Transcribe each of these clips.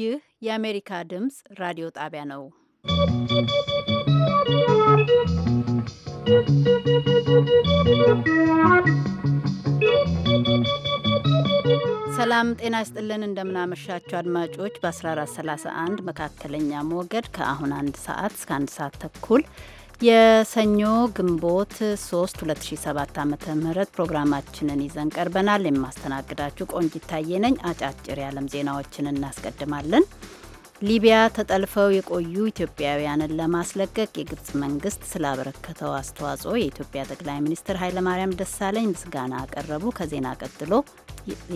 ይህ የአሜሪካ ድምፅ ራዲዮ ጣቢያ ነው። ሰላም ጤና ይስጥልን። እንደምናመሻቸው አድማጮች በ1431 መካከለኛ ሞገድ ከአሁን አንድ ሰዓት እስከ አንድ ሰዓት ተኩል የሰኞ ግንቦት 3 2007 ዓ ም ፕሮግራማችንን ይዘን ቀርበናል። የማስተናግዳችሁ ቆንጂት ታዬ ነኝ። አጫጭር የዓለም ዜናዎችን እናስቀድማለን። ሊቢያ ተጠልፈው የቆዩ ኢትዮጵያውያንን ለማስለቀቅ የግብጽ መንግስት ስላበረከተው አስተዋጽኦ የኢትዮጵያ ጠቅላይ ሚኒስትር ኃይለማርያም ደሳለኝ ምስጋና አቀረቡ። ከዜና ቀጥሎ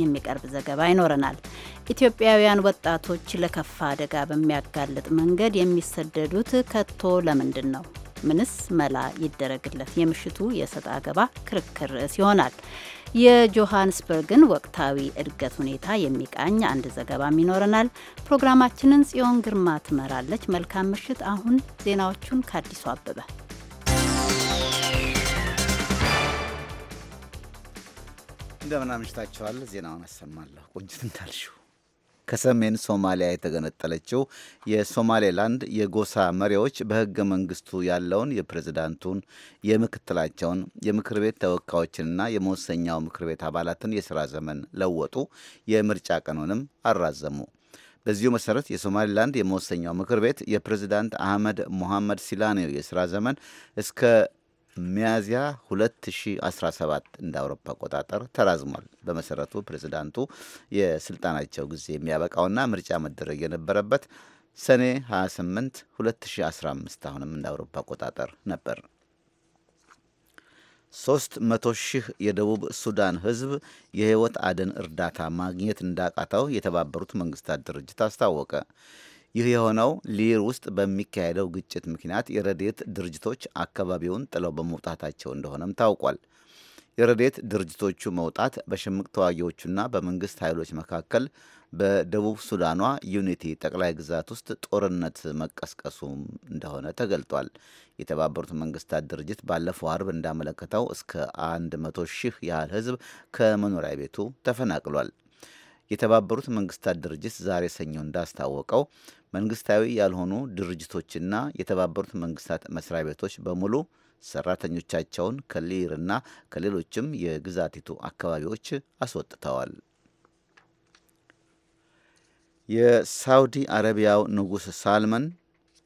የሚቀርብ ዘገባ ይኖረናል። ኢትዮጵያውያን ወጣቶች ለከፋ አደጋ በሚያጋልጥ መንገድ የሚሰደዱት ከቶ ለምንድን ነው? ምንስ መላ ይደረግለት? የምሽቱ የሰጥ አገባ ክርክር ርዕስ ይሆናል። የጆሃንስበርግን ወቅታዊ እድገት ሁኔታ የሚቃኝ አንድ ዘገባም ይኖረናል። ፕሮግራማችንን ጽዮን ግርማ ትመራለች። መልካም ምሽት። አሁን ዜናዎቹን ከአዲሱ አበበ እንደምን አምሽታችኋል። ዜናውን አሰማለሁ ቆንጅት እንዳልሽው ከሰሜን ሶማሊያ የተገነጠለችው የሶማሌላንድ የጎሳ መሪዎች በህገ መንግስቱ ያለውን የፕሬዝዳንቱን፣ የምክትላቸውን፣ የምክር ቤት ተወካዮችንና የመወሰኛው ምክር ቤት አባላትን የሥራ ዘመን ለወጡ፣ የምርጫ ቀኑንም አራዘሙ። በዚሁ መሰረት የሶማሊላንድ የመወሰኛው ምክር ቤት የፕሬዝዳንት አህመድ ሞሐመድ ሲላኔው የሥራ ዘመን እስከ ሚያዝያ 2017 እንደ አውሮፓ አቆጣጠር ተራዝሟል። በመሰረቱ ፕሬዚዳንቱ የስልጣናቸው ጊዜ የሚያበቃውና ምርጫ መደረግ የነበረበት ሰኔ 28 2015 አሁንም እንደ አውሮፓ አቆጣጠር ነበር። ሶስት መቶ ሺህ የደቡብ ሱዳን ህዝብ የህይወት አድን እርዳታ ማግኘት እንዳቃተው የተባበሩት መንግስታት ድርጅት አስታወቀ። ይህ የሆነው ሊር ውስጥ በሚካሄደው ግጭት ምክንያት የረዴት ድርጅቶች አካባቢውን ጥለው በመውጣታቸው እንደሆነም ታውቋል። የረዴት ድርጅቶቹ መውጣት በሽምቅ ተዋጊዎቹና በመንግስት ኃይሎች መካከል በደቡብ ሱዳኗ ዩኒቲ ጠቅላይ ግዛት ውስጥ ጦርነት መቀስቀሱም እንደሆነ ተገልጧል። የተባበሩት መንግስታት ድርጅት ባለፈው አርብ እንዳመለከተው እስከ አንድ መቶ ሺህ ያህል ህዝብ ከመኖሪያ ቤቱ ተፈናቅሏል። የተባበሩት መንግስታት ድርጅት ዛሬ ሰኞ እንዳስታወቀው መንግስታዊ ያልሆኑ ድርጅቶችና የተባበሩት መንግስታት መስሪያ ቤቶች በሙሉ ሰራተኞቻቸውን ከሊርና ከሌሎችም የግዛቲቱ አካባቢዎች አስወጥተዋል። የሳውዲ አረቢያው ንጉሥ ሳልመን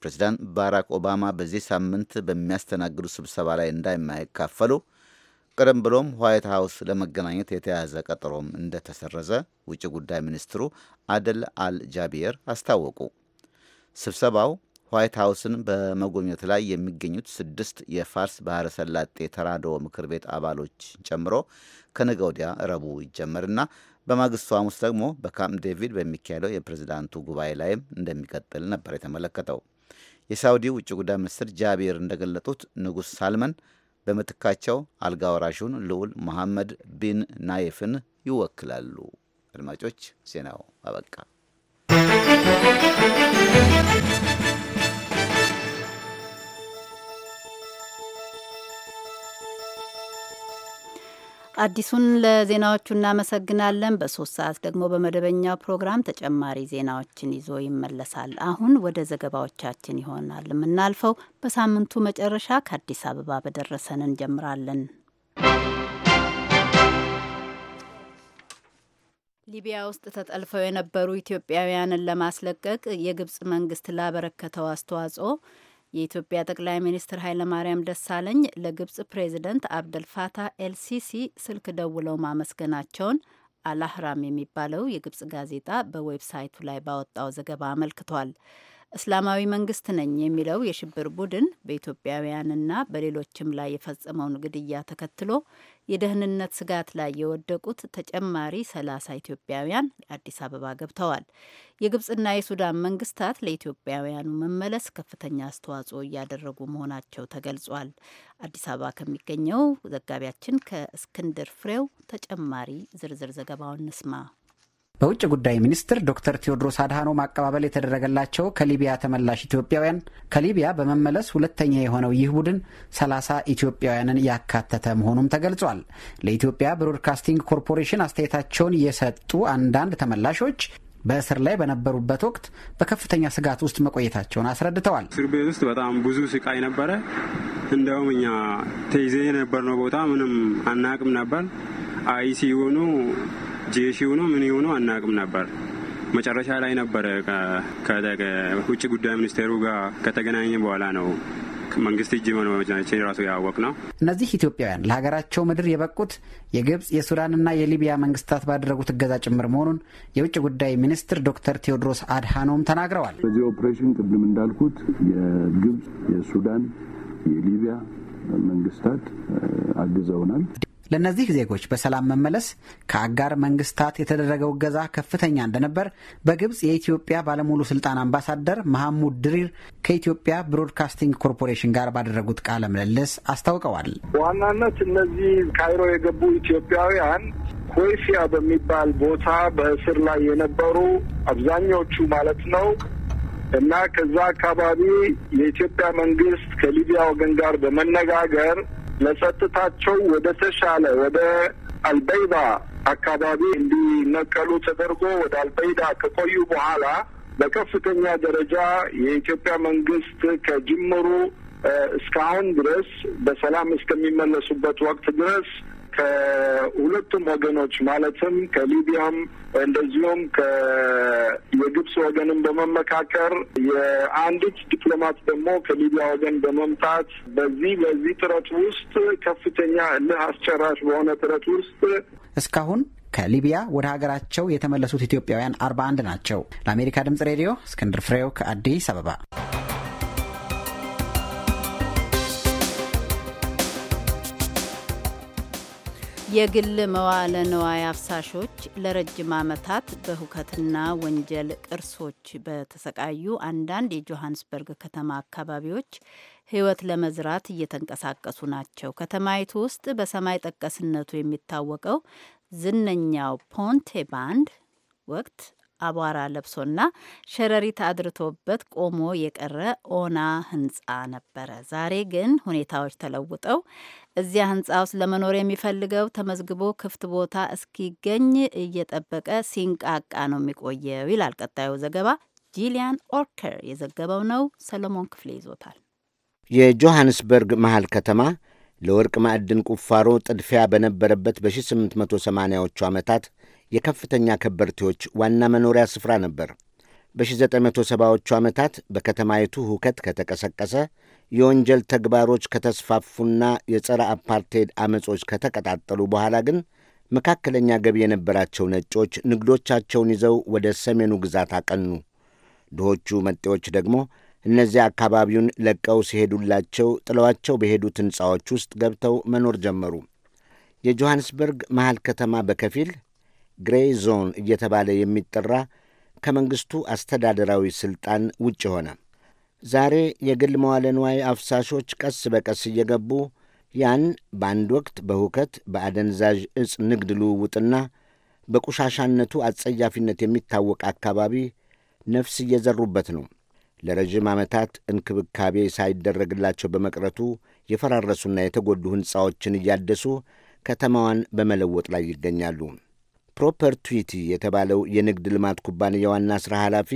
ፕሬዚዳንት ባራክ ኦባማ በዚህ ሳምንት በሚያስተናግዱ ስብሰባ ላይ እንዳይማይካፈሉ ቀደም ብሎም ዋይት ሀውስ ለመገናኘት የተያዘ ቀጠሮም እንደተሰረዘ ውጭ ጉዳይ ሚኒስትሩ አደል አልጃቢየር አስታወቁ። ስብሰባው ዋይት ሀውስን በመጎብኘት ላይ የሚገኙት ስድስት የፋርስ ባህረ ሰላጤ ተራድኦ ምክር ቤት አባሎች ጨምሮ ከነገ ወዲያ ረቡዕ ይጀመርና በማግስቱ ሐሙስ ደግሞ በካምፕ ዴቪድ በሚካሄደው የፕሬዝዳንቱ ጉባኤ ላይም እንደሚቀጥል ነበር የተመለከተው። የሳውዲ ውጭ ጉዳይ ሚኒስትር ጃቢር እንደገለጡት ንጉሥ ሳልመን በምትካቸው አልጋ ወራሹን ልዑል መሐመድ ቢን ናይፍን ይወክላሉ። አድማጮች ዜናው አበቃ። አዲሱን ለዜናዎቹ እናመሰግናለን። በሶስት ሰዓት ደግሞ በመደበኛው ፕሮግራም ተጨማሪ ዜናዎችን ይዞ ይመለሳል። አሁን ወደ ዘገባዎቻችን ይሆናል የምናልፈው። በሳምንቱ መጨረሻ ከአዲስ አበባ በደረሰን እንጀምራለን። ሊቢያ ውስጥ ተጠልፈው የነበሩ ኢትዮጵያውያንን ለማስለቀቅ የግብጽ መንግስት ላበረከተው አስተዋጽኦ የኢትዮጵያ ጠቅላይ ሚኒስትር ኃይለማርያም ደሳለኝ ለግብጽ ፕሬዚደንት አብደልፋታ ኤልሲሲ ስልክ ደውለው ማመስገናቸውን አላህራም የሚባለው የግብጽ ጋዜጣ በዌብሳይቱ ላይ ባወጣው ዘገባ አመልክቷል። እስላማዊ መንግስት ነኝ የሚለው የሽብር ቡድን በኢትዮጵያውያንና በሌሎችም ላይ የፈጸመውን ግድያ ተከትሎ የደህንነት ስጋት ላይ የወደቁት ተጨማሪ ሰላሳ ኢትዮጵያውያን አዲስ አበባ ገብተዋል። የግብጽና የሱዳን መንግስታት ለኢትዮጵያውያኑ መመለስ ከፍተኛ አስተዋጽኦ እያደረጉ መሆናቸው ተገልጿል። አዲስ አበባ ከሚገኘው ዘጋቢያችን ከእስክንድር ፍሬው ተጨማሪ ዝርዝር ዘገባውን እንስማ። በውጭ ጉዳይ ሚኒስትር ዶክተር ቴዎድሮስ አድሃኖም አቀባበል የተደረገላቸው ከሊቢያ ተመላሽ ኢትዮጵያውያን ከሊቢያ በመመለስ ሁለተኛ የሆነው ይህ ቡድን ሰላሳ ኢትዮጵያውያንን ያካተተ መሆኑም ተገልጿል። ለኢትዮጵያ ብሮድካስቲንግ ኮርፖሬሽን አስተያየታቸውን የሰጡ አንዳንድ ተመላሾች በእስር ላይ በነበሩበት ወቅት በከፍተኛ ስጋት ውስጥ መቆየታቸውን አስረድተዋል። እስር ቤት ውስጥ በጣም ብዙ ስቃይ ነበረ። እንደውም እኛ ተይዘ የነበርነው ቦታ ምንም አናቅም ነበር። ሲሆኑ ጄሽ ሆኖ ምን ሆኖ አናቅም ነበር። መጨረሻ ላይ ነበረ ከውጭ ጉዳይ ሚኒስቴሩ ጋር ከተገናኘ በኋላ ነው መንግስት እጅ መኖመቻችን ራሱ ያወቅ ነው። እነዚህ ኢትዮጵያውያን ለሀገራቸው ምድር የበቁት የግብፅ የሱዳንና የሊቢያ መንግስታት ባደረጉት እገዛ ጭምር መሆኑን የውጭ ጉዳይ ሚኒስትር ዶክተር ቴዎድሮስ አድሃኖም ተናግረዋል። በዚህ ኦፕሬሽን ቅድም እንዳልኩት የግብፅ፣ የሱዳን፣ የሊቢያ መንግስታት አግዘውናል። ለእነዚህ ዜጎች በሰላም መመለስ ከአጋር መንግስታት የተደረገው እገዛ ከፍተኛ እንደነበር በግብፅ የኢትዮጵያ ባለሙሉ ስልጣን አምባሳደር መሐሙድ ድሪር ከኢትዮጵያ ብሮድካስቲንግ ኮርፖሬሽን ጋር ባደረጉት ቃለ ምልልስ አስታውቀዋል። በዋናነት እነዚህ ካይሮ የገቡ ኢትዮጵያውያን ኮይሲያ በሚባል ቦታ በእስር ላይ የነበሩ አብዛኛዎቹ ማለት ነው እና ከዛ አካባቢ የኢትዮጵያ መንግስት ከሊቢያ ወገን ጋር በመነጋገር ለጸጥታቸው ወደ ተሻለ ወደ አልበይዳ አካባቢ እንዲነቀሉ ተደርጎ ወደ አልበይዳ ከቆዩ በኋላ በከፍተኛ ደረጃ የኢትዮጵያ መንግስት ከጅምሩ እስካሁን ድረስ በሰላም እስከሚመለሱበት ወቅት ድረስ ከሁለቱም ወገኖች ማለትም ከሊቢያም እንደዚሁም የግብፅ ወገንም በመመካከር የአንዲት ዲፕሎማት ደግሞ ከሊቢያ ወገን በመምጣት በዚህ በዚህ ጥረት ውስጥ ከፍተኛ እልህ አስጨራሽ በሆነ ጥረት ውስጥ እስካሁን ከሊቢያ ወደ ሀገራቸው የተመለሱት ኢትዮጵያውያን አርባ አንድ ናቸው። ለአሜሪካ ድምጽ ሬዲዮ እስክንድር ፍሬው ከአዲስ አበባ የግል መዋለ ንዋይ አፍሳሾች ለረጅም ዓመታት በሁከትና ወንጀል ቅርሶች በተሰቃዩ አንዳንድ የጆሃንስበርግ ከተማ አካባቢዎች ሕይወት ለመዝራት እየተንቀሳቀሱ ናቸው። ከተማይቱ ውስጥ በሰማይ ጠቀስነቱ የሚታወቀው ዝነኛው ፖንቴ ባንድ ወቅት አቧራ ለብሶና ሸረሪት አድርቶበት ቆሞ የቀረ ኦና ህንፃ ነበረ። ዛሬ ግን ሁኔታዎች ተለውጠው እዚያ ህንፃ ውስጥ ለመኖር የሚፈልገው ተመዝግቦ ክፍት ቦታ እስኪገኝ እየጠበቀ ሲንቃቃ ነው የሚቆየው ይላል ቀጣዩ ዘገባ። ጂሊያን ኦርከር የዘገበው ነው። ሰለሞን ክፍሌ ይዞታል። የጆሐንስበርግ መሃል ከተማ ለወርቅ ማዕድን ቁፋሮ ጥድፊያ በነበረበት በ1880ዎቹ ዓመታት የከፍተኛ ከበርቴዎች ዋና መኖሪያ ስፍራ ነበር። በ1970ዎቹ ዓመታት በከተማይቱ ሁከት ከተቀሰቀሰ የወንጀል ተግባሮች ከተስፋፉና የጸረ አፓርቴድ አመጾች ከተቀጣጠሉ በኋላ ግን መካከለኛ ገቢ የነበራቸው ነጮች ንግዶቻቸውን ይዘው ወደ ሰሜኑ ግዛት አቀኑ። ድሆቹ መጤዎች ደግሞ እነዚያ አካባቢውን ለቀው ሲሄዱላቸው ጥለዋቸው በሄዱት ሕንፃዎች ውስጥ ገብተው መኖር ጀመሩ። የጆሐንስበርግ መሃል ከተማ በከፊል ግሬይ ዞን እየተባለ የሚጠራ ከመንግሥቱ አስተዳደራዊ ሥልጣን ውጭ ሆነ። ዛሬ የግል መዋለ ንዋይ አፍሳሾች ቀስ በቀስ እየገቡ ያን በአንድ ወቅት በሁከት በአደንዛዥ እጽ ንግድ ልውውጥና በቆሻሻነቱ አጸያፊነት የሚታወቅ አካባቢ ነፍስ እየዘሩበት ነው። ለረዥም ዓመታት እንክብካቤ ሳይደረግላቸው በመቅረቱ የፈራረሱና የተጎዱ ሕንፃዎችን እያደሱ ከተማዋን በመለወጥ ላይ ይገኛሉ። ፕሮፐርቱዊቲ የተባለው የንግድ ልማት ኩባንያ ዋና ሥራ ኃላፊ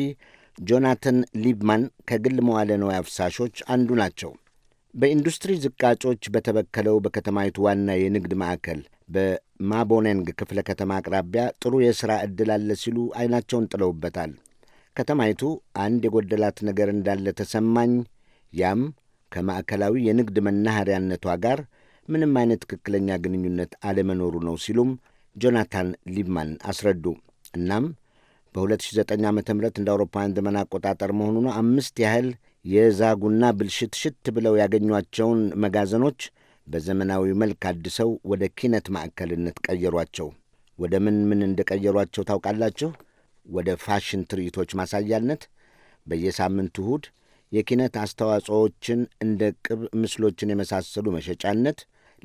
ጆናተን ሊብማን ከግል መዋለ ንዋይ አፍሳሾች አንዱ ናቸው። በኢንዱስትሪ ዝቃጮች በተበከለው በከተማይቱ ዋና የንግድ ማዕከል በማቦኔንግ ክፍለ ከተማ አቅራቢያ ጥሩ የሥራ ዕድል አለ ሲሉ ዐይናቸውን ጥለውበታል። ከተማይቱ አንድ የጎደላት ነገር እንዳለ ተሰማኝ፣ ያም ከማዕከላዊ የንግድ መናኸሪያነቷ ጋር ምንም አይነት ትክክለኛ ግንኙነት አለመኖሩ ነው ሲሉም ጆናታን ሊብማን አስረዱ። እናም በ2009 ዓ ም እንደ አውሮፓውያን ዘመን አቆጣጠር መሆኑን አምስት ያህል የዛጉና ብልሽት ሽት ብለው ያገኟቸውን መጋዘኖች በዘመናዊ መልክ አድሰው ወደ ኪነት ማዕከልነት ቀየሯቸው። ወደ ምን ምን እንደቀየሯቸው ታውቃላችሁ? ወደ ፋሽን ትርኢቶች ማሳያነት፣ በየሳምንቱ እሁድ የኪነት አስተዋጽኦዎችን እንደ ቅብ ምስሎችን የመሳሰሉ መሸጫነት፣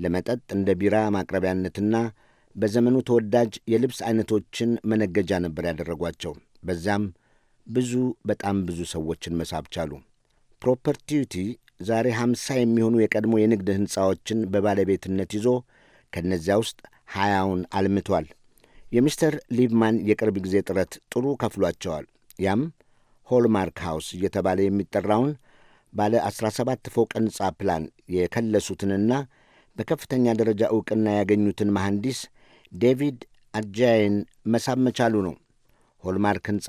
ለመጠጥ እንደ ቢራ ማቅረቢያነትና በዘመኑ ተወዳጅ የልብስ አይነቶችን መነገጃ ነበር ያደረጓቸው። በዚያም ብዙ በጣም ብዙ ሰዎችን መሳብ ቻሉ። ፕሮፐርቲዩቲ ዛሬ ሀምሳ የሚሆኑ የቀድሞ የንግድ ሕንፃዎችን በባለቤትነት ይዞ ከእነዚያ ውስጥ ሀያውን አልምቷል። የሚስተር ሊቭማን የቅርብ ጊዜ ጥረት ጥሩ ከፍሏቸዋል። ያም ሆልማርክ ሃውስ እየተባለ የሚጠራውን ባለ 17 ፎቅ ሕንፃ ፕላን የከለሱትንና በከፍተኛ ደረጃ ዕውቅና ያገኙትን መሐንዲስ ዴቪድ አጃይን መሳብ መቻሉ ነው። ሆልማርክ ሕንፃ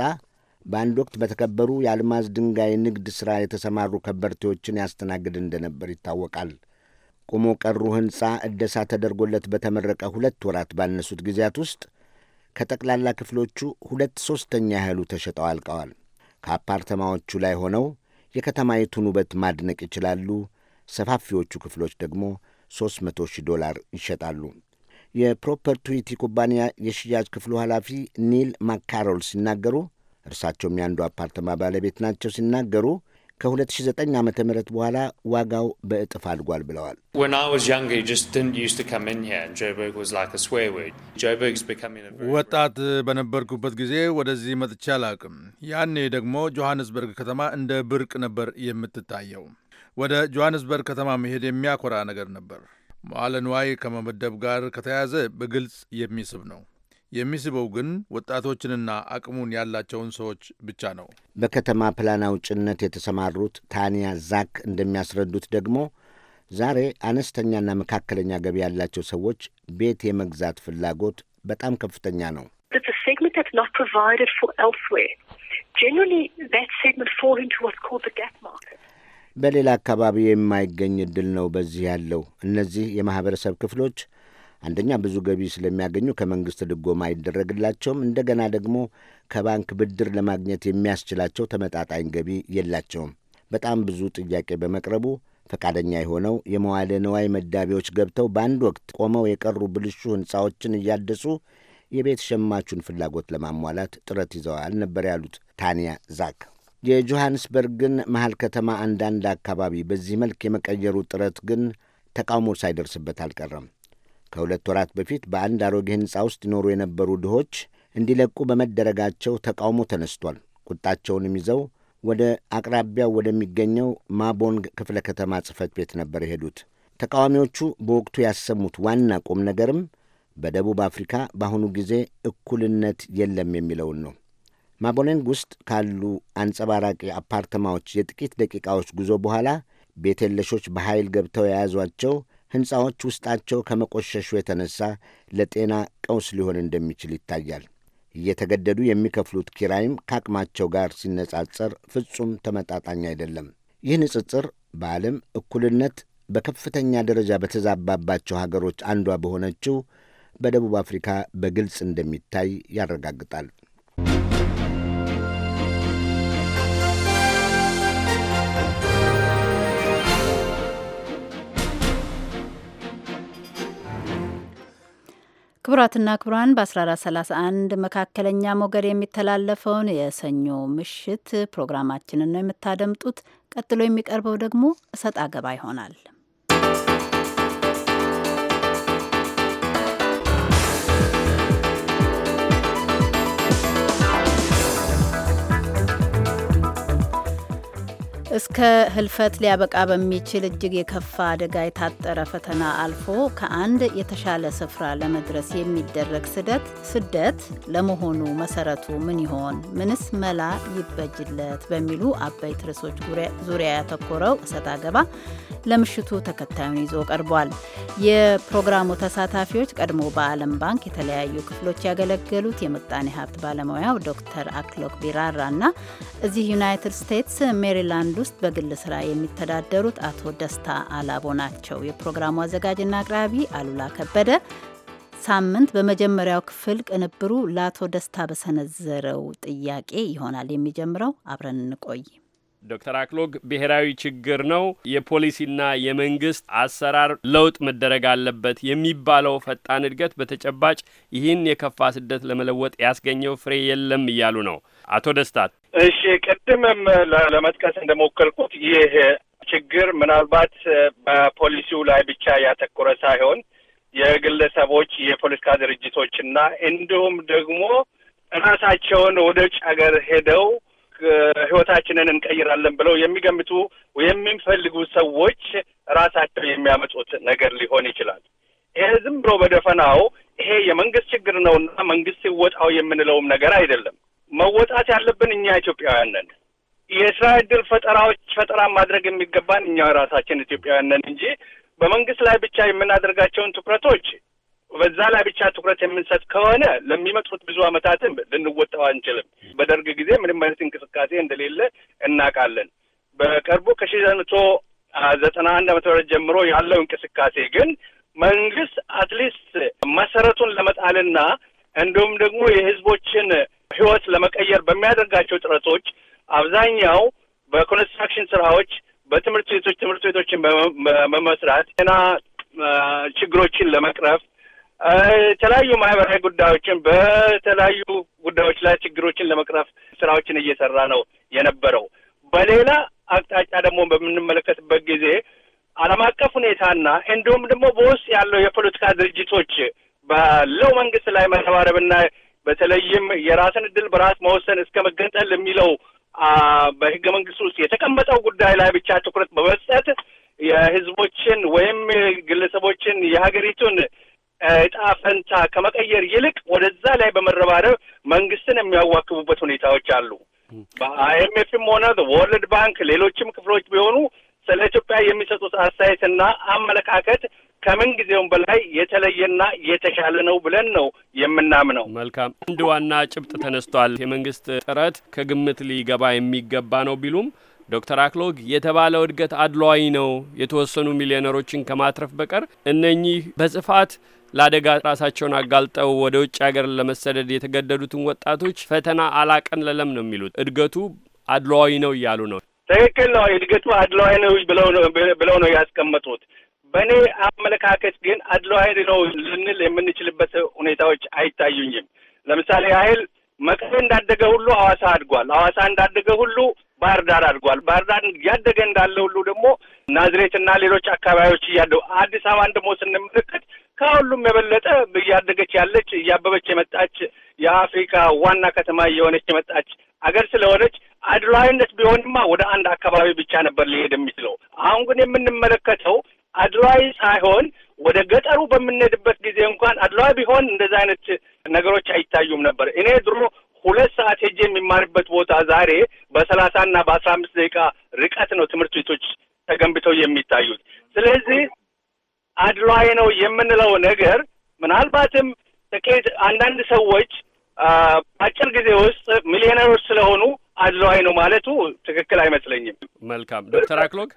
በአንድ ወቅት በተከበሩ የአልማዝ ድንጋይ ንግድ ሥራ የተሰማሩ ከበርቴዎችን ያስተናግድ እንደነበር ይታወቃል። ቁሞ ቀሩ ሕንፃ እደሳ ተደርጎለት በተመረቀ ሁለት ወራት ባነሱት ጊዜያት ውስጥ ከጠቅላላ ክፍሎቹ ሁለት ሦስተኛ ያህሉ ተሸጠው አልቀዋል። ከአፓርተማዎቹ ላይ ሆነው የከተማይቱን ውበት ማድነቅ ይችላሉ። ሰፋፊዎቹ ክፍሎች ደግሞ 300 ሺህ ዶላር ይሸጣሉ። የፕሮፐርቱዊቲ ኩባንያ የሽያጭ ክፍሉ ኃላፊ ኒል ማካሮል ሲናገሩ እርሳቸውም የአንዱ አፓርተማ ባለቤት ናቸው ሲናገሩ ከ2009 ዓ ም በኋላ ዋጋው በእጥፍ አድጓል ብለዋል። ወጣት በነበርኩበት ጊዜ ወደዚህ መጥቼ አላቅም። ያኔ ደግሞ ጆሐንስበርግ ከተማ እንደ ብርቅ ነበር የምትታየው። ወደ ጆሐንስበርግ ከተማ መሄድ የሚያኮራ ነገር ነበር። መዋለ ንዋይ ከመመደብ ጋር ከተያዘ በግልጽ የሚስብ ነው። የሚስበው ግን ወጣቶችንና አቅሙን ያላቸውን ሰዎች ብቻ ነው። በከተማ ፕላን አውጭነት የተሰማሩት ታንያ ዛክ እንደሚያስረዱት ደግሞ ዛሬ አነስተኛና መካከለኛ ገቢ ያላቸው ሰዎች ቤት የመግዛት ፍላጎት በጣም ከፍተኛ ነው። በሌላ አካባቢ የማይገኝ እድል ነው በዚህ ያለው። እነዚህ የማህበረሰብ ክፍሎች አንደኛ ብዙ ገቢ ስለሚያገኙ ከመንግስት ድጎማ አይደረግላቸውም። እንደገና ደግሞ ከባንክ ብድር ለማግኘት የሚያስችላቸው ተመጣጣኝ ገቢ የላቸውም። በጣም ብዙ ጥያቄ በመቅረቡ ፈቃደኛ የሆነው የመዋለ ነዋይ መዳቢዎች ገብተው በአንድ ወቅት ቆመው የቀሩ ብልሹ ሕንፃዎችን እያደሱ የቤት ሸማቹን ፍላጎት ለማሟላት ጥረት ይዘዋል ነበር ያሉት ታንያ ዛክ። የጆሐንስበርግን መሃል ከተማ አንዳንድ አካባቢ በዚህ መልክ የመቀየሩ ጥረት ግን ተቃውሞ ሳይደርስበት አልቀረም። ከሁለት ወራት በፊት በአንድ አሮጌ ሕንፃ ውስጥ ይኖሩ የነበሩ ድሆች እንዲለቁ በመደረጋቸው ተቃውሞ ተነስቷል። ቁጣቸውንም ይዘው ወደ አቅራቢያው ወደሚገኘው ማቦንግ ክፍለ ከተማ ጽሕፈት ቤት ነበር የሄዱት። ተቃዋሚዎቹ በወቅቱ ያሰሙት ዋና ቁም ነገርም በደቡብ አፍሪካ በአሁኑ ጊዜ እኩልነት የለም የሚለውን ነው። ማቦሌንግ ውስጥ ካሉ አንጸባራቂ አፓርተማዎች የጥቂት ደቂቃዎች ጉዞ በኋላ ቤቴለሾች በኃይል ገብተው የያዟቸው ሕንፃዎች ውስጣቸው ከመቆሸሹ የተነሳ ለጤና ቀውስ ሊሆን እንደሚችል ይታያል። እየተገደዱ የሚከፍሉት ኪራይም ከአቅማቸው ጋር ሲነጻጸር ፍጹም ተመጣጣኝ አይደለም። ይህ ንጽጽር በዓለም እኩልነት በከፍተኛ ደረጃ በተዛባባቸው ሀገሮች አንዷ በሆነችው በደቡብ አፍሪካ በግልጽ እንደሚታይ ያረጋግጣል። ክቡራትና ክቡራን በ1431 መካከለኛ ሞገድ የሚተላለፈውን የሰኞ ምሽት ፕሮግራማችንን ነው የምታደምጡት። ቀጥሎ የሚቀርበው ደግሞ እሰጥ አገባ ይሆናል። እስከ ህልፈት ሊያበቃ በሚችል እጅግ የከፋ አደጋ የታጠረ ፈተና አልፎ ከአንድ የተሻለ ስፍራ ለመድረስ የሚደረግ ስደት ስደት ለመሆኑ መሰረቱ ምን ይሆን? ምንስ መላ ይበጅለት? በሚሉ አበይት ርዕሶች ዙሪያ ያተኮረው እሰጥ አገባ ለምሽቱ ተከታዩን ይዞ ቀርቧል። የፕሮግራሙ ተሳታፊዎች ቀድሞ በዓለም ባንክ የተለያዩ ክፍሎች ያገለገሉት የምጣኔ ሀብት ባለሙያው ዶክተር አክሎክ ቢራራ እና እዚህ ዩናይትድ ስቴትስ ሜሪላንዱ ውስጥ በግል ስራ የሚተዳደሩት አቶ ደስታ አላቦ ናቸው። የፕሮግራሙ አዘጋጅና አቅራቢ አሉላ ከበደ ሳምንት በመጀመሪያው ክፍል ቅንብሩ ለአቶ ደስታ በሰነዘረው ጥያቄ ይሆናል የሚጀምረው። አብረን እንቆይ። ዶክተር አክሎግ ብሔራዊ ችግር ነው፣ የፖሊሲና የመንግስት አሰራር ለውጥ መደረግ አለበት የሚባለው ፈጣን እድገት በተጨባጭ ይህን የከፋ ስደት ለመለወጥ ያስገኘው ፍሬ የለም እያሉ ነው አቶ ደስታ። እሺ ቅድምም ለመጥቀስ እንደሞከርኩት ይህ ችግር ምናልባት በፖሊሲው ላይ ብቻ ያተኮረ ሳይሆን የግለሰቦች የፖለቲካ ድርጅቶችና እንዲሁም ደግሞ ራሳቸውን ወደ ውጭ ሀገር ሄደው ህይወታችንን እንቀይራለን ብለው የሚገምቱ የሚፈልጉ ሰዎች ራሳቸው የሚያመጡት ነገር ሊሆን ይችላል። ይሄ ዝም ብሎ በደፈናው ይሄ የመንግስት ችግር ነውና መንግስት ይወጣው የምንለውም ነገር አይደለም። መወጣት ያለብን እኛ ኢትዮጵያውያን ነን። የስራ እድል ፈጠራዎች ፈጠራ ማድረግ የሚገባን እኛ ራሳችን ኢትዮጵያውያን ነን እንጂ በመንግስት ላይ ብቻ የምናደርጋቸውን ትኩረቶች በዛ ላይ ብቻ ትኩረት የምንሰጥ ከሆነ ለሚመጡት ብዙ አመታትም ልንወጣው አንችልም። በደርግ ጊዜ ምንም አይነት እንቅስቃሴ እንደሌለ እናውቃለን። በቅርቡ ከሺ ዘንቶ ዘጠና አንድ ዓመተ ምህረት ጀምሮ ያለው እንቅስቃሴ ግን መንግስት አትሊስት መሰረቱን ለመጣልና እንዲሁም ደግሞ የህዝቦችን ህይወት ለመቀየር በሚያደርጋቸው ጥረቶች አብዛኛው በኮንስትራክሽን ስራዎች፣ በትምህርት ቤቶች ትምህርት ቤቶችን በመመስራት ጤና ችግሮችን ለመቅረፍ የተለያዩ ማህበራዊ ጉዳዮችን በተለያዩ ጉዳዮች ላይ ችግሮችን ለመቅረፍ ስራዎችን እየሰራ ነው የነበረው። በሌላ አቅጣጫ ደግሞ በምንመለከትበት ጊዜ ዓለም አቀፍ ሁኔታና እንዲሁም ደግሞ በውስጥ ያለው የፖለቲካ ድርጅቶች ባለው መንግስት ላይ መተባረብና በተለይም የራስን እድል በራስ መወሰን እስከ መገንጠል የሚለው በህገ መንግስት ውስጥ የተቀመጠው ጉዳይ ላይ ብቻ ትኩረት በመስጠት የህዝቦችን ወይም ግለሰቦችን የሀገሪቱን እጣ ፈንታ ከመቀየር ይልቅ ወደዛ ላይ በመረባረብ መንግስትን የሚያዋክቡበት ሁኔታዎች አሉ። በአይኤምኤፍም ሆነ ወርልድ ባንክ ሌሎችም ክፍሎች ቢሆኑ ስለ ኢትዮጵያ የሚሰጡት አስተያየትና አመለካከት ከምን ጊዜውም በላይ የተለየና የተሻለ ነው ብለን ነው የምናምነው። መልካም። አንድ ዋና ጭብጥ ተነስቷል። የመንግስት ጥረት ከግምት ሊገባ የሚገባ ነው ቢሉም ዶክተር አክሎግ የተባለው እድገት አድሏዊ ነው፣ የተወሰኑ ሚሊዮነሮችን ከማትረፍ በቀር እነኚህ በስፋት ለአደጋ ራሳቸውን አጋልጠው ወደ ውጭ ሀገር ለመሰደድ የተገደዱትን ወጣቶች ፈተና አላቀን ለለም ነው የሚሉት። እድገቱ አድሏዊ ነው እያሉ ነው። ትክክል ነው። እድገቱ አድሏዊ ነው ብለው ነው ያስቀመጡት። በእኔ አመለካከት ግን ኃይል ነው ልንል የምንችልበት ሁኔታዎች አይታዩኝም። ለምሳሌ ያህል መቀሌ እንዳደገ ሁሉ አዋሳ አድጓል። አዋሳ እንዳደገ ሁሉ ባህር ዳር አድጓል። ባህር ዳር እያደገ እንዳለ ሁሉ ደግሞ ናዝሬትና ሌሎች አካባቢዎች እያደጉ አዲስ አበባን ደግሞ ስንመለከት ከሁሉም የበለጠ እያደገች ያለች እያበበች የመጣች የአፍሪካ ዋና ከተማ እየሆነች የመጣች አገር ስለሆነች አድሏዊነት ቢሆንማ ወደ አንድ አካባቢ ብቻ ነበር ሊሄድ የሚችለው። አሁን ግን የምንመለከተው አድሏዊ ሳይሆን ወደ ገጠሩ በምንሄድበት ጊዜ እንኳን አድሏዊ ቢሆን እንደዚ አይነት ነገሮች አይታዩም ነበር። እኔ ድሮ ሁለት ሰዓት ሄጄ የሚማርበት ቦታ ዛሬ በሰ0ና በአስራ አምስት ደቂቃ ርቀት ነው ትምህርት ቤቶች ተገንብተው የሚታዩት። ስለዚህ አድሏዊ ነው የምንለው ነገር ምናልባትም ጥቂት አንዳንድ ሰዎች በአጭር ጊዜ ውስጥ ሚሊዮነሮች ስለሆኑ አድሏዊ ነው ማለቱ ትክክል አይመስለኝም። መልካም ዶክተር አክሎግ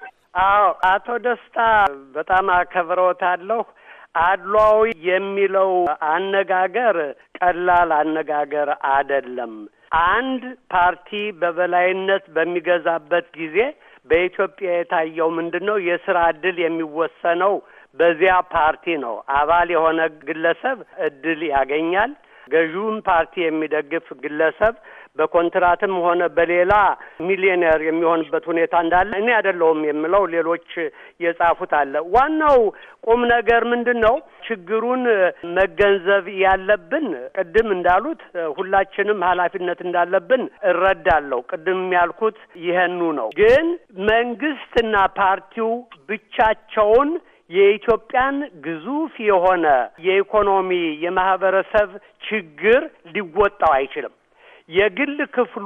አዎ አቶ ደስታ በጣም አከብረውታለሁ። አድሏዊ የሚለው አነጋገር ቀላል አነጋገር አደለም። አንድ ፓርቲ በበላይነት በሚገዛበት ጊዜ በኢትዮጵያ የታየው ምንድን ነው? የስራ እድል የሚወሰነው በዚያ ፓርቲ ነው። አባል የሆነ ግለሰብ እድል ያገኛል። ገዥውን ፓርቲ የሚደግፍ ግለሰብ በኮንትራትም ሆነ በሌላ ሚሊዮኔር የሚሆንበት ሁኔታ እንዳለ እኔ አይደለሁም የምለው፣ ሌሎች የጻፉት አለ። ዋናው ቁም ነገር ምንድን ነው? ችግሩን መገንዘብ ያለብን ቅድም እንዳሉት ሁላችንም ኃላፊነት እንዳለብን እረዳለሁ። ቅድም ያልኩት ይህኑ ነው። ግን መንግስትና ፓርቲው ብቻቸውን የኢትዮጵያን ግዙፍ የሆነ የኢኮኖሚ የማህበረሰብ ችግር ሊወጣው አይችልም። የግል ክፍሉ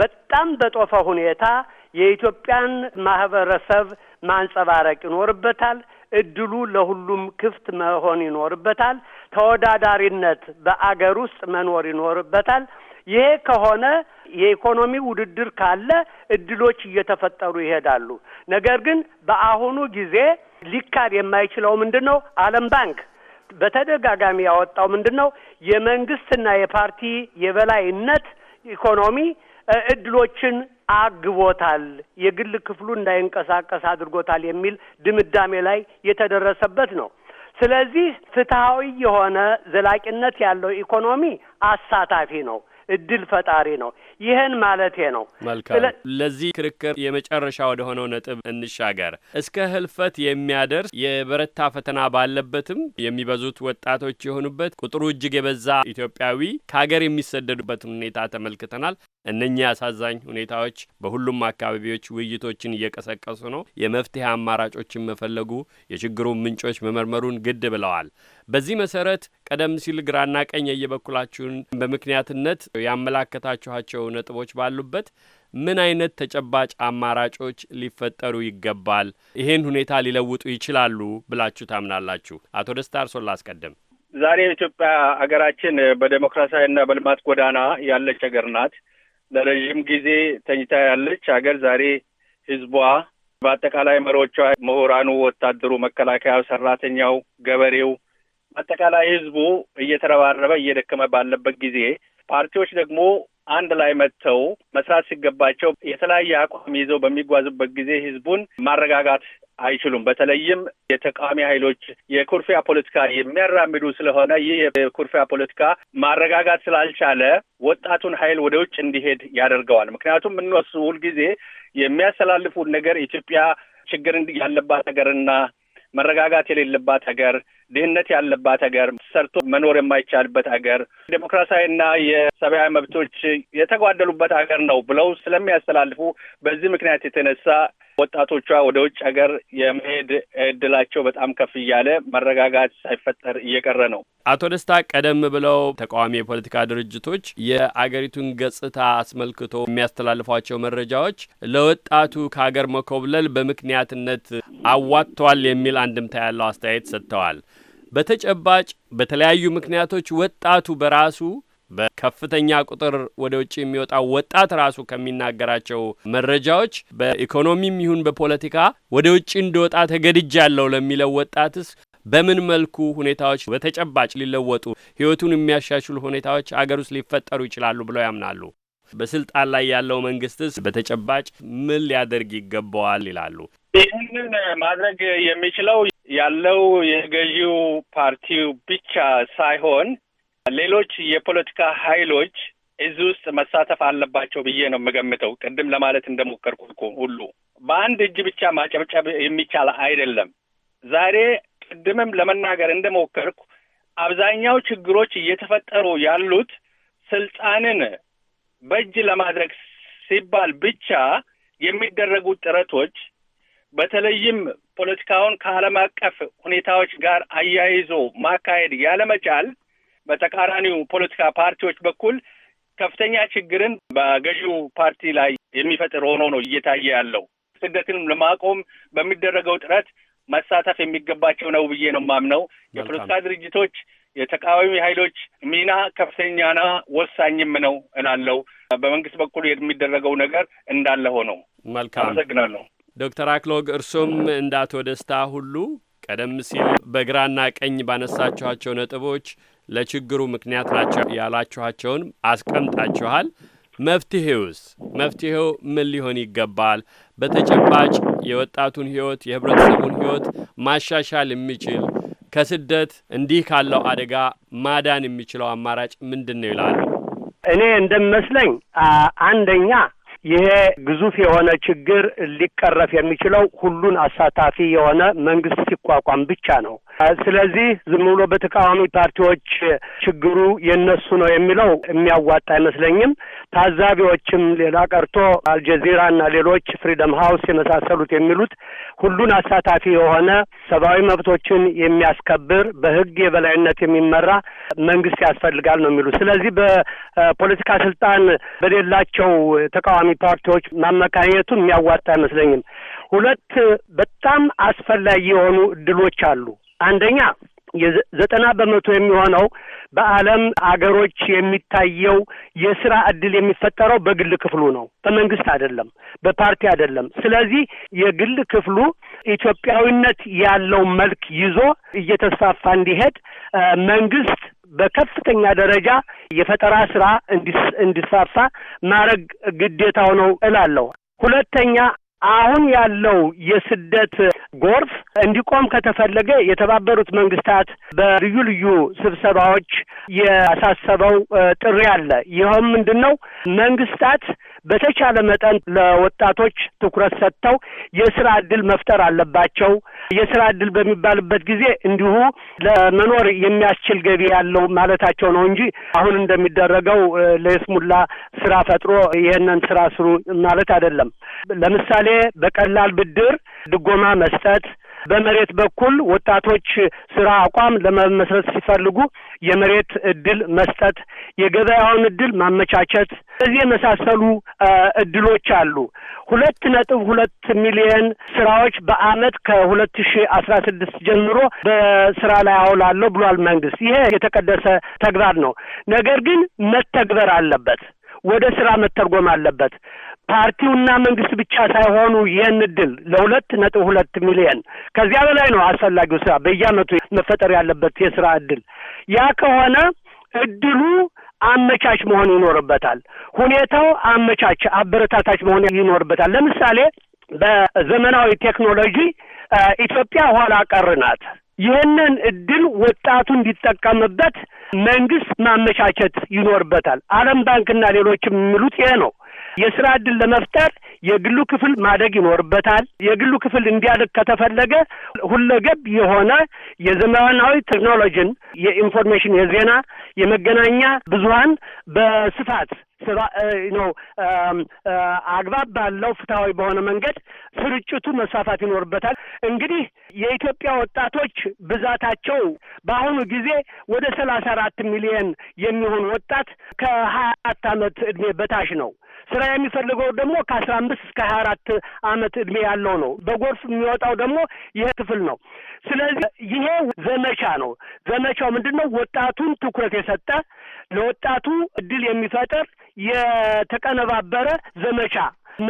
በጣም በጦፈ ሁኔታ የኢትዮጵያን ማህበረሰብ ማንጸባረቅ ይኖርበታል። እድሉ ለሁሉም ክፍት መሆን ይኖርበታል። ተወዳዳሪነት በአገር ውስጥ መኖር ይኖርበታል። ይሄ ከሆነ የኢኮኖሚ ውድድር ካለ እድሎች እየተፈጠሩ ይሄዳሉ። ነገር ግን በአሁኑ ጊዜ ሊካድ የማይችለው ምንድን ነው? ዓለም ባንክ በተደጋጋሚ ያወጣው ምንድን ነው? የመንግስትና የፓርቲ የበላይነት ኢኮኖሚ እድሎችን አግቦታል፣ የግል ክፍሉ እንዳይንቀሳቀስ አድርጎታል የሚል ድምዳሜ ላይ የተደረሰበት ነው። ስለዚህ ፍትሐዊ የሆነ ዘላቂነት ያለው ኢኮኖሚ አሳታፊ ነው። እድል ፈጣሪ ነው። ይህን ማለቴ ነው። መልካም። ለዚህ ክርክር የመጨረሻ ወደ ሆነው ነጥብ እንሻገር። እስከ ህልፈት የሚያደርስ የበረታ ፈተና ባለበትም የሚበዙት ወጣቶች የሆኑበት ቁጥሩ እጅግ የበዛ ኢትዮጵያዊ ከሀገር የሚሰደዱበትን ሁኔታ ተመልክተናል። እነኚህ አሳዛኝ ሁኔታዎች በሁሉም አካባቢዎች ውይይቶችን እየቀሰቀሱ ነው። የመፍትሄ አማራጮችን መፈለጉ፣ የችግሩን ምንጮች መመርመሩን ግድ ብለዋል። በዚህ መሰረት ቀደም ሲል ግራና ቀኝ የየበኩላችሁን በምክንያትነት ያመላከታችኋቸው ነጥቦች ባሉበት ምን አይነት ተጨባጭ አማራጮች ሊፈጠሩ ይገባል? ይሄን ሁኔታ ሊለውጡ ይችላሉ ብላችሁ ታምናላችሁ? አቶ ደስታ እርሶን ላስቀድም። ዛሬ የኢትዮጵያ ሀገራችን በዴሞክራሲያዊና በልማት ጎዳና ያለች ሀገር ናት። ለረዥም ጊዜ ተኝታ ያለች ሀገር ዛሬ ህዝቧ በአጠቃላይ መሪዎቿ፣ ምሁራኑ፣ ወታደሩ፣ መከላከያው፣ ሰራተኛው፣ ገበሬው በአጠቃላይ ህዝቡ እየተረባረበ እየደከመ ባለበት ጊዜ ፓርቲዎች ደግሞ አንድ ላይ መጥተው መስራት ሲገባቸው የተለያየ አቋም ይዘው በሚጓዙበት ጊዜ ህዝቡን ማረጋጋት አይችሉም። በተለይም የተቃዋሚ ኃይሎች የኩርፊያ ፖለቲካ የሚያራምዱ ስለሆነ ይህ የኩርፊያ ፖለቲካ ማረጋጋት ስላልቻለ ወጣቱን ኃይል ወደ ውጭ እንዲሄድ ያደርገዋል። ምክንያቱም እነሱ ሁልጊዜ የሚያስተላልፉን ነገር ኢትዮጵያ ችግር ያለባት ሀገርና መረጋጋት የሌለባት ሀገር፣ ድህነት ያለባት ሀገር፣ ሰርቶ መኖር የማይቻልበት ሀገር፣ ዴሞክራሲያዊና የሰብአዊ መብቶች የተጓደሉበት ሀገር ነው ብለው ስለሚያስተላልፉ በዚህ ምክንያት የተነሳ ወጣቶቿ ወደ ውጭ ሀገር የመሄድ እድላቸው በጣም ከፍ እያለ መረጋጋት ሳይፈጠር እየቀረ ነው። አቶ ደስታ ቀደም ብለው ተቃዋሚ የፖለቲካ ድርጅቶች የአገሪቱን ገጽታ አስመልክቶ የሚያስተላልፏቸው መረጃዎች ለወጣቱ ከሀገር መኮብለል በምክንያትነት አዋጥቷል የሚል አንድምታ ያለው አስተያየት ሰጥተዋል። በተጨባጭ በተለያዩ ምክንያቶች ወጣቱ በራሱ በከፍተኛ ቁጥር ወደ ውጭ የሚወጣው ወጣት ራሱ ከሚናገራቸው መረጃዎች በኢኮኖሚም ይሁን በፖለቲካ ወደ ውጭ እንደወጣ ተገድጅ ያለው ለሚለው ወጣትስ በምን መልኩ ሁኔታዎች በተጨባጭ ሊለወጡ ህይወቱን የሚያሻሽሉ ሁኔታዎች አገር ውስጥ ሊፈጠሩ ይችላሉ ብለው ያምናሉ? በስልጣን ላይ ያለው መንግስትስ በተጨባጭ ምን ሊያደርግ ይገባዋል ይላሉ? ይህንን ማድረግ የሚችለው ያለው የገዢው ፓርቲው ብቻ ሳይሆን ሌሎች የፖለቲካ ኃይሎች እዚህ ውስጥ መሳተፍ አለባቸው ብዬ ነው የምገምተው። ቅድም ለማለት እንደሞከርኩት ሁሉ በአንድ እጅ ብቻ ማጨብጨብ የሚቻል አይደለም። ዛሬ ቅድምም ለመናገር እንደሞከርኩ አብዛኛው ችግሮች እየተፈጠሩ ያሉት ስልጣንን በእጅ ለማድረግ ሲባል ብቻ የሚደረጉ ጥረቶች በተለይም ፖለቲካውን ከዓለም አቀፍ ሁኔታዎች ጋር አያይዞ ማካሄድ ያለመቻል በተቃራኒው ፖለቲካ ፓርቲዎች በኩል ከፍተኛ ችግርን በገዢው ፓርቲ ላይ የሚፈጥር ሆኖ ነው እየታየ ያለው። ስደትን ለማቆም በሚደረገው ጥረት መሳተፍ የሚገባቸው ነው ብዬ ነው የማምነው። የፖለቲካ ድርጅቶች የተቃዋሚ ኃይሎች ሚና ከፍተኛና ወሳኝም ነው እላለው። በመንግስት በኩል የሚደረገው ነገር እንዳለ ሆኖ መልካም አመሰግናለሁ። ዶክተር አክሎግ እርሱም እንደ አቶ ደስታ ሁሉ ቀደም ሲል በግራና ቀኝ ባነሳችኋቸው ነጥቦች ለችግሩ ምክንያት ናቸው ያላችኋቸውን አስቀምጣችኋል። መፍትሄውስ? መፍትሄው ምን ሊሆን ይገባል? በተጨባጭ የወጣቱን ህይወት የህብረተሰቡን ህይወት ማሻሻል የሚችል ከስደት እንዲህ ካለው አደጋ ማዳን የሚችለው አማራጭ ምንድን ነው ይላሉ። እኔ እንደሚመስለኝ አንደኛ ይሄ ግዙፍ የሆነ ችግር ሊቀረፍ የሚችለው ሁሉን አሳታፊ የሆነ መንግስት ሲቋቋም ብቻ ነው። ስለዚህ ዝም ብሎ በተቃዋሚ ፓርቲዎች ችግሩ የነሱ ነው የሚለው የሚያዋጣ አይመስለኝም። ታዛቢዎችም ሌላ ቀርቶ አልጀዚራ እና ሌሎች ፍሪደም ሀውስ የመሳሰሉት የሚሉት ሁሉን አሳታፊ የሆነ ሰብአዊ መብቶችን የሚያስከብር በህግ የበላይነት የሚመራ መንግስት ያስፈልጋል ነው የሚሉት። ስለዚህ በፖለቲካ ስልጣን በሌላቸው ተቃዋሚ ፓርቲዎች ማመካኘቱ የሚያዋጣ አይመስለኝም። ሁለት በጣም አስፈላጊ የሆኑ እድሎች አሉ። አንደኛ የዘጠና በመቶ የሚሆነው በዓለም አገሮች የሚታየው የስራ እድል የሚፈጠረው በግል ክፍሉ ነው፣ በመንግስት አይደለም፣ በፓርቲ አይደለም። ስለዚህ የግል ክፍሉ ኢትዮጵያዊነት ያለው መልክ ይዞ እየተስፋፋ እንዲሄድ መንግስት በከፍተኛ ደረጃ የፈጠራ ስራ እንዲስፋፋ ማድረግ ግዴታው ነው እላለሁ። ሁለተኛ አሁን ያለው የስደት ጎርፍ እንዲቆም ከተፈለገ የተባበሩት መንግስታት በልዩ ልዩ ስብሰባዎች ያሳሰበው ጥሪ አለ። ይኸውም ምንድን ነው መንግስታት በተቻለ መጠን ለወጣቶች ትኩረት ሰጥተው የስራ እድል መፍጠር አለባቸው። የስራ እድል በሚባልበት ጊዜ እንዲሁ ለመኖር የሚያስችል ገቢ ያለው ማለታቸው ነው እንጂ አሁን እንደሚደረገው ለስሙላ ስራ ፈጥሮ ይህንን ስራ ስሩ ማለት አይደለም። ለምሳሌ በቀላል ብድር ድጎማ መስጠት በመሬት በኩል ወጣቶች ስራ አቋም ለመመስረት ሲፈልጉ የመሬት እድል መስጠት፣ የገበያውን እድል ማመቻቸት፣ እዚህ የመሳሰሉ እድሎች አሉ። ሁለት ነጥብ ሁለት ሚሊየን ስራዎች በአመት ከሁለት ሺ አስራ ስድስት ጀምሮ በስራ ላይ አውላለሁ ብሏል መንግስት። ይሄ የተቀደሰ ተግባር ነው። ነገር ግን መተግበር አለበት። ወደ ስራ መተርጎም አለበት። ፓርቲውና መንግስት ብቻ ሳይሆኑ ይህን እድል ለሁለት ነጥብ ሁለት ሚሊየን ከዚያ በላይ ነው አስፈላጊው ስራ በየአመቱ መፈጠር ያለበት የስራ እድል። ያ ከሆነ እድሉ አመቻች መሆን ይኖርበታል። ሁኔታው አመቻች፣ አበረታታች መሆን ይኖርበታል። ለምሳሌ በዘመናዊ ቴክኖሎጂ ኢትዮጵያ ኋላ ቀር ናት። ይህንን እድል ወጣቱ እንዲጠቀምበት መንግስት ማመቻቸት ይኖርበታል። ዓለም ባንክና ሌሎችም የሚሉት ይሄ ነው። የስራ እድል ለመፍጠር የግሉ ክፍል ማደግ ይኖርበታል። የግሉ ክፍል እንዲያደግ ከተፈለገ ሁለገብ የሆነ የዘመናዊ ቴክኖሎጂን፣ የኢንፎርሜሽን፣ የዜና፣ የመገናኛ ብዙሀን በስፋት ነው አግባብ ባለው ፍትሐዊ በሆነ መንገድ ስርጭቱ መስፋፋት ይኖርበታል። እንግዲህ የኢትዮጵያ ወጣቶች ብዛታቸው በአሁኑ ጊዜ ወደ ሰላሳ አራት ሚሊየን የሚሆን ወጣት ከሀያ አራት ዓመት እድሜ በታች ነው። ስራ የሚፈልገው ደግሞ ከአስራ አምስት እስከ ሀያ አራት አመት እድሜ ያለው ነው። በጎርፍ የሚወጣው ደግሞ ይሄ ክፍል ነው። ስለዚህ ይሄ ዘመቻ ነው። ዘመቻው ምንድን ነው? ወጣቱን ትኩረት የሰጠ ለወጣቱ እድል የሚፈጥር የተቀነባበረ ዘመቻ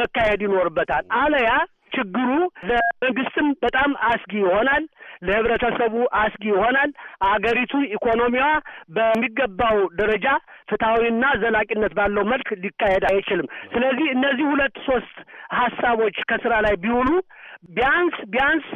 መካሄድ ይኖርበታል። አለያ ችግሩ ለመንግስትም በጣም አስጊ ይሆናል፣ ለህብረተሰቡ አስጊ ይሆናል። አገሪቱ ኢኮኖሚዋ በሚገባው ደረጃ ፍትሐዊና ዘላቂነት ባለው መልክ ሊካሄድ አይችልም። ስለዚህ እነዚህ ሁለት ሶስት ሀሳቦች ከስራ ላይ ቢውሉ ቢያንስ ቢያንስ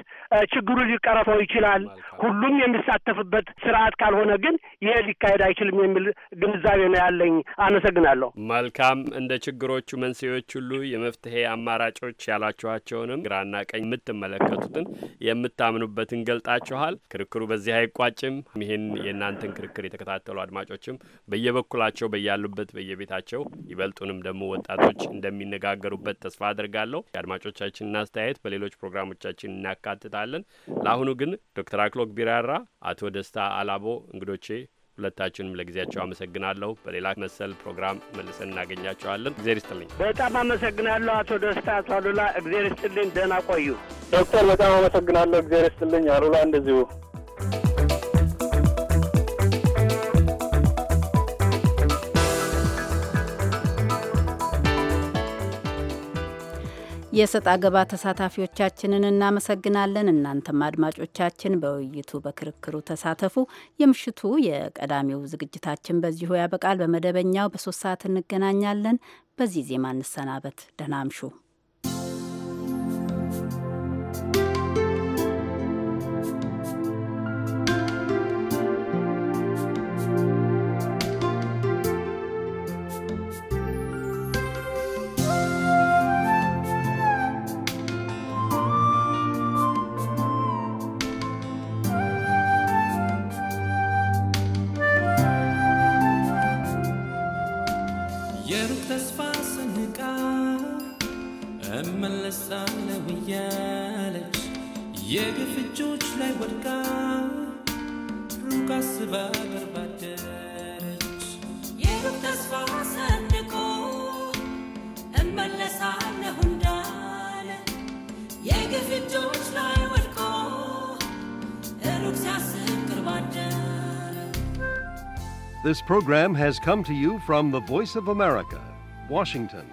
ችግሩ ሊቀረፈው ይችላል። ሁሉም የሚሳተፍበት ስርዓት ካልሆነ ግን ይሄ ሊካሄድ አይችልም የሚል ግንዛቤ ነው ያለኝ። አመሰግናለሁ። መልካም። እንደ ችግሮቹ መንስኤዎች ሁሉ የመፍትሄ አማራጮች ያላችኋቸውንም ግራና ቀኝ የምትመለከቱትን የምታምኑበትን ገልጣችኋል። ክርክሩ በዚህ አይቋጭም። ይህን የእናንተን ክርክር የተከታተሉ አድማጮችም በየበኩላቸው በያሉበት በየቤታቸው ይበልጡንም ደግሞ ወጣቶች እንደሚነጋገሩበት ተስፋ አድርጋለሁ። የአድማጮቻችንን አስተያየት በሌሎች ፕሮግራሞቻችን እናካትታል እናነሳለን። ለአሁኑ ግን ዶክተር አክሎግ ቢራራ፣ አቶ ደስታ አላቦ እንግዶቼ ሁለታችንም ለጊዜያቸው አመሰግናለሁ። በሌላ መሰል ፕሮግራም መልሰን እናገኛቸዋለን። እግዜር ይስጥልኝ። በጣም አመሰግናለሁ አቶ ደስታ፣ አቶ አሉላ። እግዜር ይስጥልኝ። ደህና ቆዩ። ዶክተር በጣም አመሰግናለሁ። እግዜር ይስጥልኝ። አሉላ እንደዚሁ የሰጥ አገባ ተሳታፊዎቻችንን እናመሰግናለን። እናንተም አድማጮቻችን በውይይቱ በክርክሩ ተሳተፉ። የምሽቱ የቀዳሚው ዝግጅታችን በዚሁ ያበቃል። በመደበኛው በሶስት ሰዓት እንገናኛለን። በዚህ ዜማ እንሰናበት። ደህና አምሹ። ሳለሁ እያለች የግፍ እጆች ላይ ወድቃ ሩቅ አስባ ቅርብ አደረች። የሩቅ ተስፋ ሰንቆ እመለሳለሁ እንዳለ የግፍ እጆች ላይ ወድቆ ሩቅ ሲያስብ ቅርብ አደረ። This program has come to you from the Voice of America, Washington.